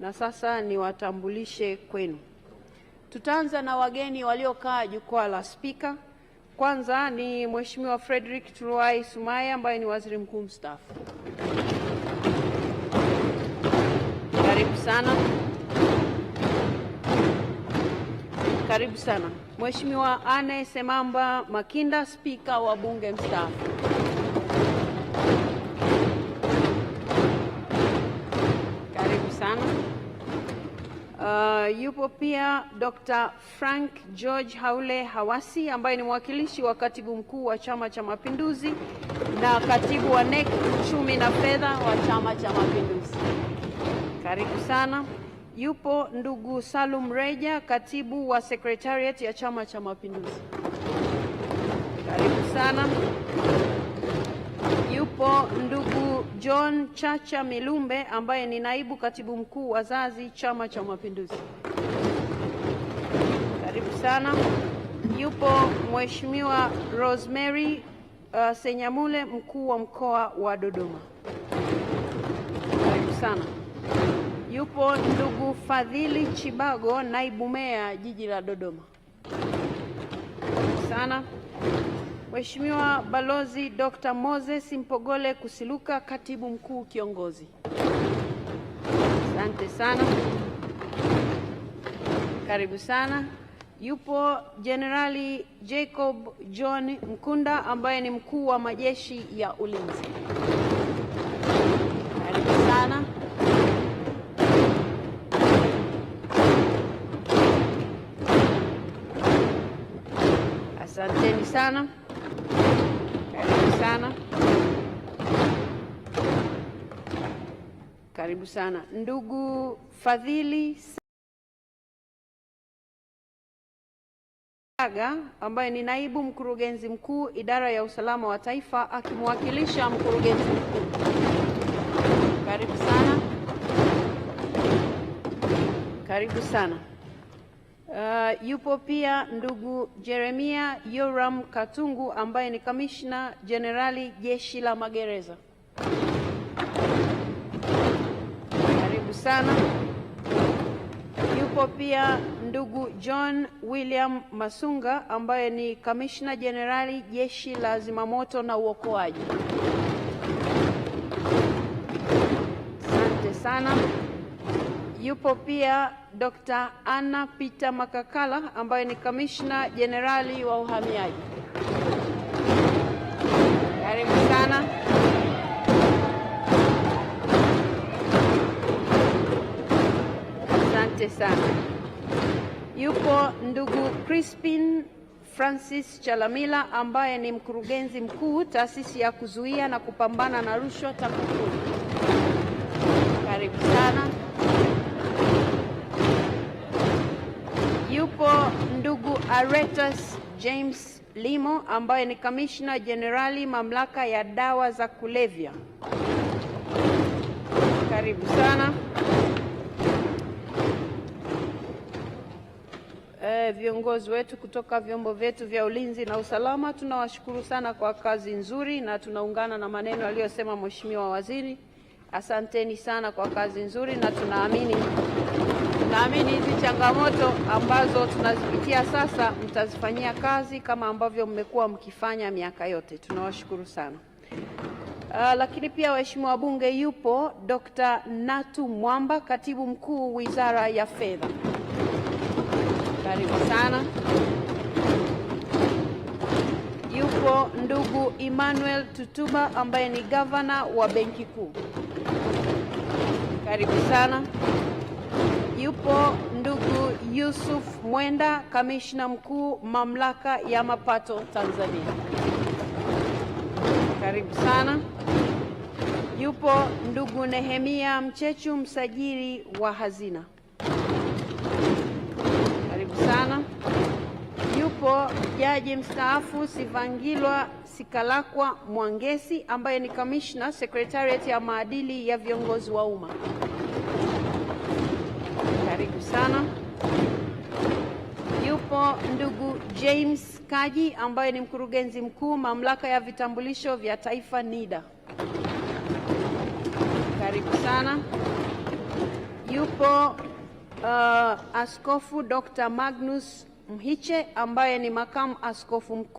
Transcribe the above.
Na sasa niwatambulishe kwenu. Tutaanza na wageni waliokaa jukwaa la spika. Kwanza ni Mheshimiwa Frederick Tuluai Sumaye ambaye ni waziri mkuu mstaafu. Karibu sana, karibu sana. Mheshimiwa Anne Semamba Makinda, spika wa bunge mstaafu. Karibu sana. Uh, yupo pia Dr. Frank George Haule Hawasi ambaye ni mwakilishi wa katibu mkuu wa Chama cha Mapinduzi na katibu wa NEC uchumi na fedha wa Chama cha Mapinduzi. Karibu sana. Yupo ndugu Salum Reja, katibu wa Secretariat ya Chama cha Mapinduzi. Karibu sana yupo ndugu John Chacha Milumbe ambaye ni naibu katibu mkuu wazazi Chama cha Mapinduzi. Karibu sana. Yupo Mheshimiwa Rosemary uh, Senyamule mkuu wa mkoa wa Dodoma. Karibu sana. Yupo ndugu Fadhili Chibago naibu meya jiji la Dodoma. Karibu sana. Mheshimiwa Balozi Dr. Moses Mpogole Kusiluka, Katibu Mkuu Kiongozi. Asante sana. Karibu sana. Yupo Jenerali Jacob John Mkunda ambaye ni mkuu wa majeshi ya ulinzi. Karibu sana. Asanteni sana sana, karibu sana ndugu Fadhili Saga ambaye ni naibu mkurugenzi mkuu idara ya usalama wa taifa akimwakilisha mkurugenzi mkuu. Karibu sana, karibu sana. Uh, yupo pia ndugu Jeremia Yoram Katungu ambaye ni kamishna jenerali jeshi la magereza. Karibu sana. Yupo pia ndugu John William Masunga ambaye ni kamishna jenerali jeshi la zimamoto na uokoaji. Asante sana. Yupo pia Dr. Anna Peter Makakala ambaye ni kamishna jenerali wa uhamiaji. Karibu sana. Asante sana. Yupo ndugu Crispin Francis Chalamila ambaye ni mkurugenzi mkuu taasisi ya kuzuia na kupambana na rushwa TAKUKURU. Karibu sana. Aretas James Limo ambaye ni kamishna jenerali mamlaka ya dawa za kulevya. Karibu sana. E, viongozi wetu kutoka vyombo vyetu vya ulinzi na usalama tunawashukuru sana kwa kazi nzuri na tunaungana na maneno aliyosema Mheshimiwa Waziri. Asanteni sana kwa kazi nzuri na tunaamini Naamini hizi changamoto ambazo tunazipitia sasa mtazifanyia kazi kama ambavyo mmekuwa mkifanya miaka yote. Tunawashukuru sana. Uh, lakini pia waheshimiwa wabunge, yupo Dr. Natu Mwamba, katibu mkuu Wizara ya Fedha. Karibu sana. Yupo ndugu Emmanuel Tutuba ambaye ni gavana wa Benki Kuu. Karibu sana yupo ndugu Yusuf Mwenda, kamishna mkuu mamlaka ya mapato Tanzania. Karibu sana. Yupo ndugu Nehemia Mchechu, msajili wa hazina. Karibu sana. Yupo jaji mstaafu Sivangilwa Sikalakwa Mwangesi ambaye ni kamishna sekretariat ya maadili ya viongozi wa umma sana. Yupo ndugu James Kaji ambaye ni mkurugenzi mkuu mamlaka ya vitambulisho vya taifa NIDA, karibu sana. Yupo uh, Askofu Dr. Magnus Mhiche ambaye ni makamu askofu mkuu